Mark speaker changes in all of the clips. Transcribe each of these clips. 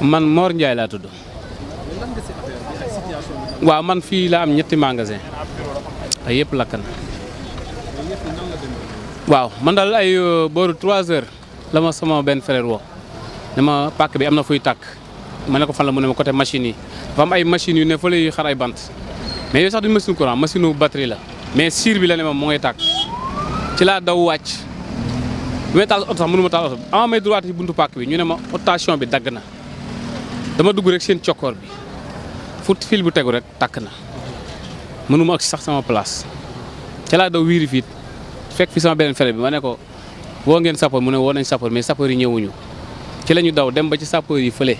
Speaker 1: man mor ndjay la tuddu wa man fi la am ñetti magasin yépp lakkan waaw man dal ay euh, booru 3 heures lama sama ben frère wo dama pak bi amna fuy tak mané ko fan la mu ne côté machine yi fam ay machine yu ne fa lay xaray bant mais yow sax du machine courant machine batterie la mais sir bi la ne mo ngay tak ci la daw wacc wétal auto mënuma tal auto ama may droit ci buntu pak bi ñu ne ma rotation bi dag na dama dugg rek seen cokkoor bi fu fil bu tegu rek takk na mënuma ak sax sama place ca laa daw wiiri fiit fekk fi sama beneen fere bi ma ne ko woo ngeen sapeur mu ne woo nañ sapeur mais sapeur yi ñëwuñu ci la ñu daw dem ba ci sapeur yi fële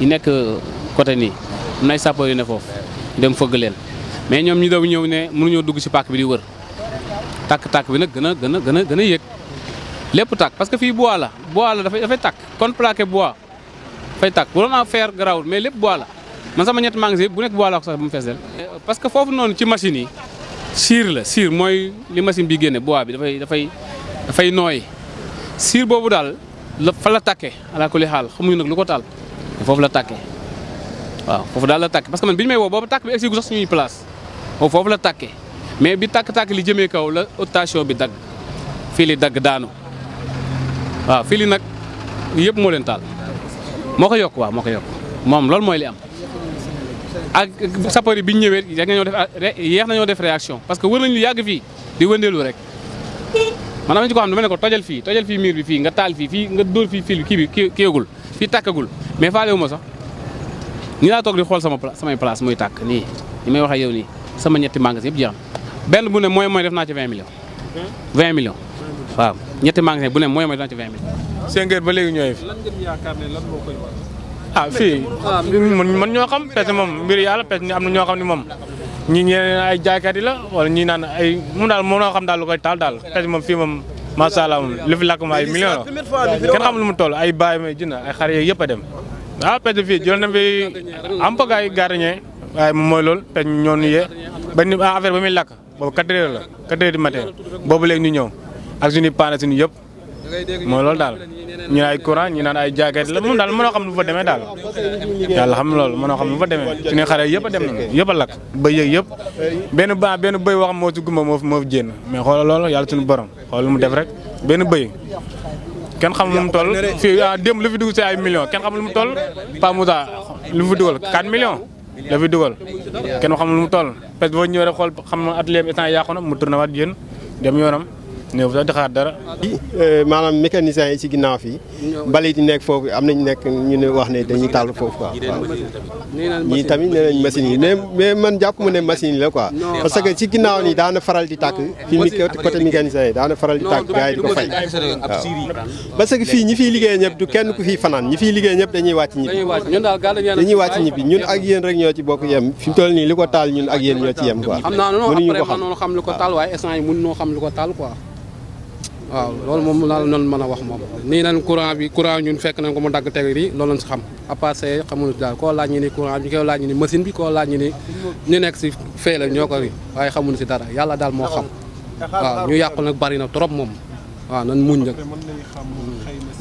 Speaker 1: yi nekk euh, côté nii am nay sapeur yu ne foofu dem fëgg leen mais ñoom ñu daw ñëw ne mënuñoo dugg si pàkk bi di wër tàkk-tàkk bi nag gën a gën a gën a gën yëg lépp tàkk parce que fii bois la bois la dafay dafay tàkk kon plaqué dafay tàkk bu doon fer garaawul mais lépp bois la man sama ñetti magasin bu nekk bois la parce que foofu noonu ci machine yi siir la siir mooy li machine bi génne bois bi dafay dafay dafay nooy siir boobu daal la fa la tàkkee alaa kulli xamuñu nag lu ko taal foofu la tàkkee waaw foofu daal la tàkkee parce que bi ñu may boobu tàkk bi egsi gu sax suñuy foofu la tàkkee mais bi tàkk-tàkk li jëmee kaw la station bi dagg fii li dagg daanu waaw fii li nag yëpp moo leen taal moo ko yokk waa moo ko yokk moom loolu mooy li am. ak sapeur yi bi ñu ñëwee yéex nañoo def yéex nañoo def réaction parce que wër nañu yàgg fii di wëndeelu rek man am ci ko xam ne dama ne ko tojal fii tojal fii miir bi fii nga taal fii fii nga dóor fii fii kii bi kéegul fii tàkkagul mais faalewu ma sax ñi laa toog di xool sama samay place muy tàkk nii ñi may wax ak yow nii sama ñetti magasin yëpp jeex benn bu ne mooy mooy def naa ci 20 millions 20 hmm?
Speaker 2: waaw ñetti magasin bu ne mooy ma dana ba léegi ñooy fi.
Speaker 3: lan
Speaker 2: ah fii ah, man ñoo xam parce moom mbir yàlla parce que am na ñoo xam ne moom ñi ñeneen ay jaaykat la wala ñi naan ay mu daal mënoo xam daal lu koy taal daal parce moom fii moom macha allah moom li fi lakk ma ay millions la kenn xam lu mu tol ay bàyyi may jënd ay xar yeeg yëpp a dem ah parce que fii jël na fi am pa ay gardien waaye moom mooy loolu te ñoonu yee ba ba muy lakk boobu quatre heures la quatre heures du boobu l ñu ñëw ak suñu paane suñu yëpp mooy loolu daal ñu ay courant ñu naan ay jacket la moom daal mënoo xam lu fa demee daal yàlla xam loolu mënoo xam lu fa demee suñu xare yëpp a dem na yëpp a lakk ba yëpp benn ba benn bëy wax moo ci gumba moo moo fi jénn mais xool loolu yàlla suñu borom xoolal mu def rek benn bëy kenn xamul lu mu toll fii ah, démb lu fi dugg si ay millions kenn xamul lu mu tool Pa Moussa lu fi dugal 4 millions la fi dugal kenn xamul lu mu toll parce que boo xool xam na atelier bi instant yàqu na mu tourné waat jénn dem yoonam néew sax di xaar euh, dara.
Speaker 4: maanaam mécaniciens yi ci ginnaaw fii mbalit yi nekk foofu am nañu nekk ñu ne wax ne dañuy taal foofu quoi waaw ñii tamit nee nañ machines yi mais mais man jàpp ma ne machine yi la quoi parce que ci ginnaaw daana faral di tàkk fi mi côté mécaniciens yi daana faral di tàkk gars di ko fay waaw parce que fii ñi fiy liggéey ñëpp du kenn ku fiy fanaan ñi fiy liggéey ñëpp dañuy wàcc ñibbi
Speaker 3: dañuy wàcc ñibbi ñun
Speaker 4: ak yéen rek ñoo ci bokk yem fi toll nii li ko taal ñun ak yéen ñoo ci yem ko
Speaker 3: xam waaw ko xam waaw loolu moom laa noonu mën a wax moom nii nañ courant bi courant ñun fekk nañ ko mu dagg teg yi loolu lañ si xam à part ça daal koo laaj ni bi koo laaj ñu machine bi koo laaj ni ñu nekk si fee la ñoo ko ri waaye xamuñu si dara yàlla daal moo xam waaw ñu yàqu nag bari na trop moom waaw nan muñ nag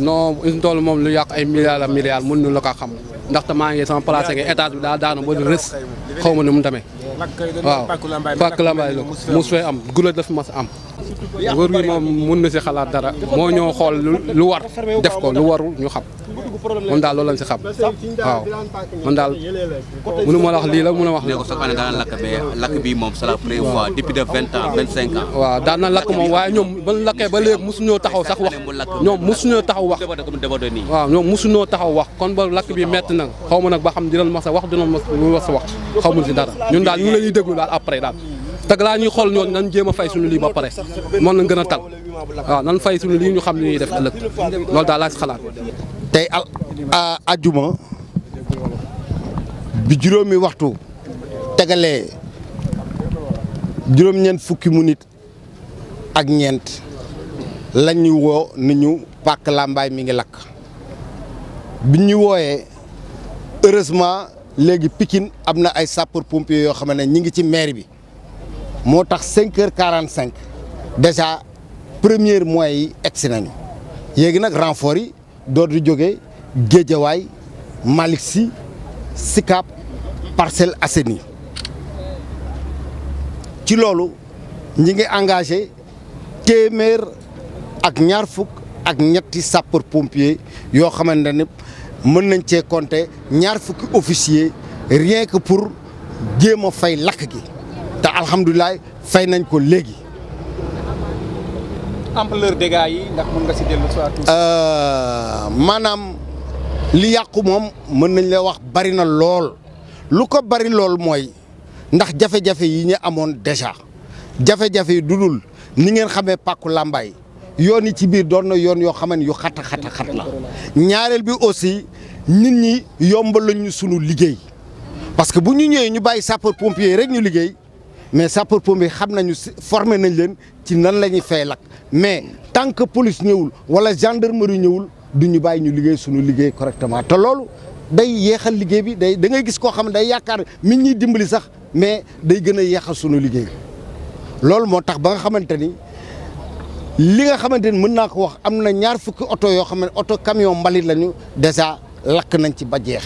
Speaker 3: non uñ toll moom lu yàq ay milliards a milliards mën nu la ko xam ndaxte maa ngi sama placé nga étage bi daal daanu ba di rës xaw ma ni mu demee
Speaker 4: waaw pàkk lambaay la mos fee am nguur
Speaker 3: gi moom mun na si xalaat dara moo ñoo xool lu war def ko lu warul ñu xam moom daal loolu lañ si xam waaw man daal mënu ma la wax lii la mën a wax. ne ko soxna daan lakk mais lakk bi moom ça la prévoit depuis de vingt ans vingt cinq ans. waaw daan na lakk moom waaye ñoom ba lakkee ba léegi mosuñoo taxaw sax wax ñoom mosuñoo taxaw wax. waaw ñoom mosuñoo taxaw wax kon ba lakk bi metti na xaw ma nag ba xam dinañ ma sa wax dinañ ma sa wax xaw ma si dara ñun daal ñu la ñuy déglu daal après daal. te laa ñuy xool ñoon nan jéem a fay suñu lii ba pare moo lañ gën a tal waaw nan
Speaker 4: fay suñu lii ñu xam ne ñuy def ëllëg loolu daal laa si xalaat. tey al ajjuma bi juróomi waxtu tegalee juróom-ñeent fukki nit ak ñeent lañ ñu woo ni ñu pàkk làmbaay mi ngi lakk bi ñuy wooyee heureusement léegi Pikine am na ay sapeur pompier yoo xam ne ñi ngi ci maire bi. moo tax cinq quarante cinq déjà première mois yi egsi nañu yéegi nag renfort yi door di jógee Géejawaay Malick Sy Sicap Parcelles Assainies ci loolu ñi ngi engagé téeméer ak ñaar fukk ak ñetti sapeur pompier yoo xamante ne mën nañ cee compter ñaar fukki officier rien que pour jéem fay lakk gi alhamdulilah fay nañ ko léegi.
Speaker 2: ampleur dégâts
Speaker 4: yi ndax euh, maanaam li yàqu moom mën nañ la wax bari na lool lu ko bari lool mooy ndax jafe-jafe yi ñu amoon déjà jafe-jafe yi dul ni ngeen xamee pàkku làmbaay yoon yi ci biir doon na yoon yoo xam ne yu xat a xat la ñaareel bi aussi nit ñi yombal lañu sunu liggéey parce que bu ñu ñëwee ñu bàyyi sapeur pompier rek ñu liggéey. mais pour sapeur pompier xam nañu formé nañ leen ci nan la ñuy fay lakk mais tant que police ñëwul wala gendarmerie ñëwul du ñu bàyyi ñu liggéey suñu liggéey correctement te loolu day yeexal liggéey bi day da ngay gis koo xam ne day yaakaar mi ñuy dimbali sax mais day gën a yeexal suñu liggéey loolu moo tax ba nga xamante ni li nga xamante ni mën naa ko wax am na ñaar fukki oto yoo xam ne oto camion mbalit lañu déjà lakk nañ ci ba jeex.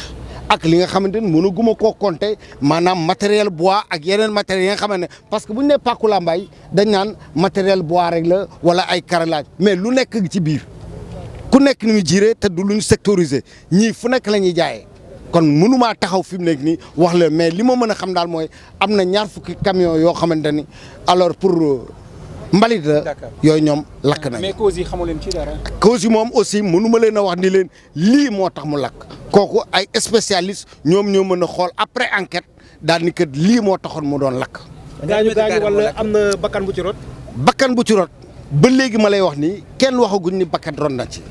Speaker 4: ak li nga xamante ni mënaguma ko compter maanaam matériel bois ak yeneen matériel yi nga ne parce que bu ñu nee pàkku làmbaay dañ naan matériel bois rek la wala ay carrelage mais lu nekk ci biir ku nekk ni ñu jiree te du lu ñu sectorisé ñii fu nekk la ñuy jaayee kon mënumaa taxaw fi mu nekk nii wax la mais li ma mën a xam daal mooy am na ñaar fukki camion yoo xamante ni alors pour mbalit la yoy ñom lak nañ mais
Speaker 2: cause yi xamulen ci dara
Speaker 4: cause yi mom aussi mënuma leena wax ni len li motax mu lak koku ay spécialiste ñom ñoo mëna xol après enquête dal ni keut li mo taxon mu doon lak gañu gañu wala amna bakkan bu ci rot bakkan bu ci rot ba légui malay wax ni kenn waxaguñ ni bakkan ron na ci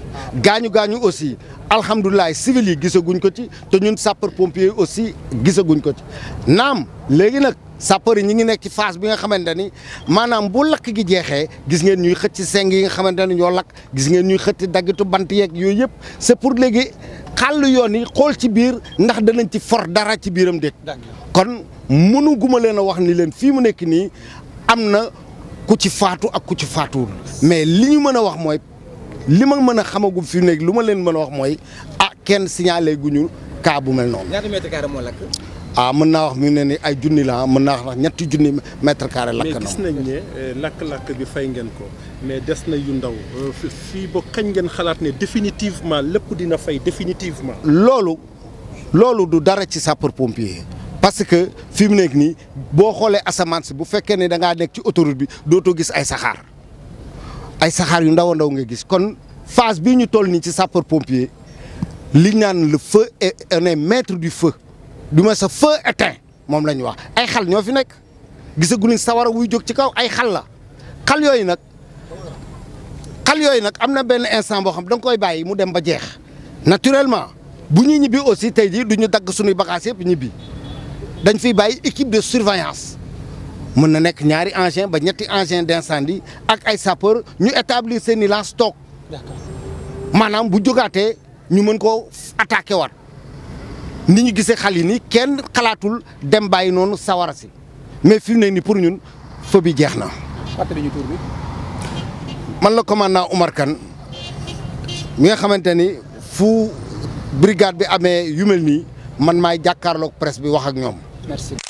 Speaker 4: gañu gañu aussi alhamdoulillah civil yi gisaguñ ko ci te ñun sapeur pompier aussi gisaguñ ko ci nam légui nak sapeur yi ñi ngi nekk ci phase bi nga xamante ni maanaam bu lakk gi jeexee gis ngeen ñuy xëcc seng yi nga xamante ni ñoo lakk gis ngeen ñuy xëcc daggitu bant yeeg yooyu yëpp c'est pour léegi xàll yoon yi xool ci biir ndax danañ ci for dara ci biiram déet kon mënu guma leen a wax nii leen fii mu nekk nii am na ku ci faatu ak ku ci faatuwul mais li ñu mën a wax mooy li ma mën a xamagu fi mu nekk lu ma leen mën a wax mooy ah kenn signalé guñu cas bu mel noonu.
Speaker 2: ñaata moo lakk.
Speaker 4: ah mën naa wax mu ne ni ay junni la mën naa wax ñetti junni mètre carré lakk na mais gis nañ
Speaker 2: ne euh, lakk-lakk bi fay ngeen ko mais des na yu ndaw euh,
Speaker 3: fii ba kañ ngeen xalaat ne définitivement lépp dina fay définitivement.
Speaker 4: loolu loolu du dara ci sapeur pompier parce que fi mu nekk nii boo xoolee asamaan si bu fekkee ne da ngaa nekk ci autoroute bi dootoo gis ay saxaar ay saxaar yu ndaw a ndaw nga gis kon phase bii ñu toll nii ci sapeur pompier li naan le feu est on est maître duma sa feu éteint mom lañ wax ay xal ñofi nek nekk gisaguñu sawara wuy jog ci kaw ay xal xal yoy nak xal yoy instant xam koy mu dem naturellement bu aussi tay que duñu dagg bagages yep dañ équipe de surveillance mën na ñaari engin ba ñetti engin d'incendie ak ay ñu établir bu ni ñu gisee xal yi ni kenn xalaatul dem bàyyi noonu sawara si mais fi ne nii pour ñun foo bi jeex na. fàttali man la commandant Oumar Kane mi nga xamante ni fu brigade bi amee yu mel nii man maay jàkkaarloog presse bi wax ak ñoom.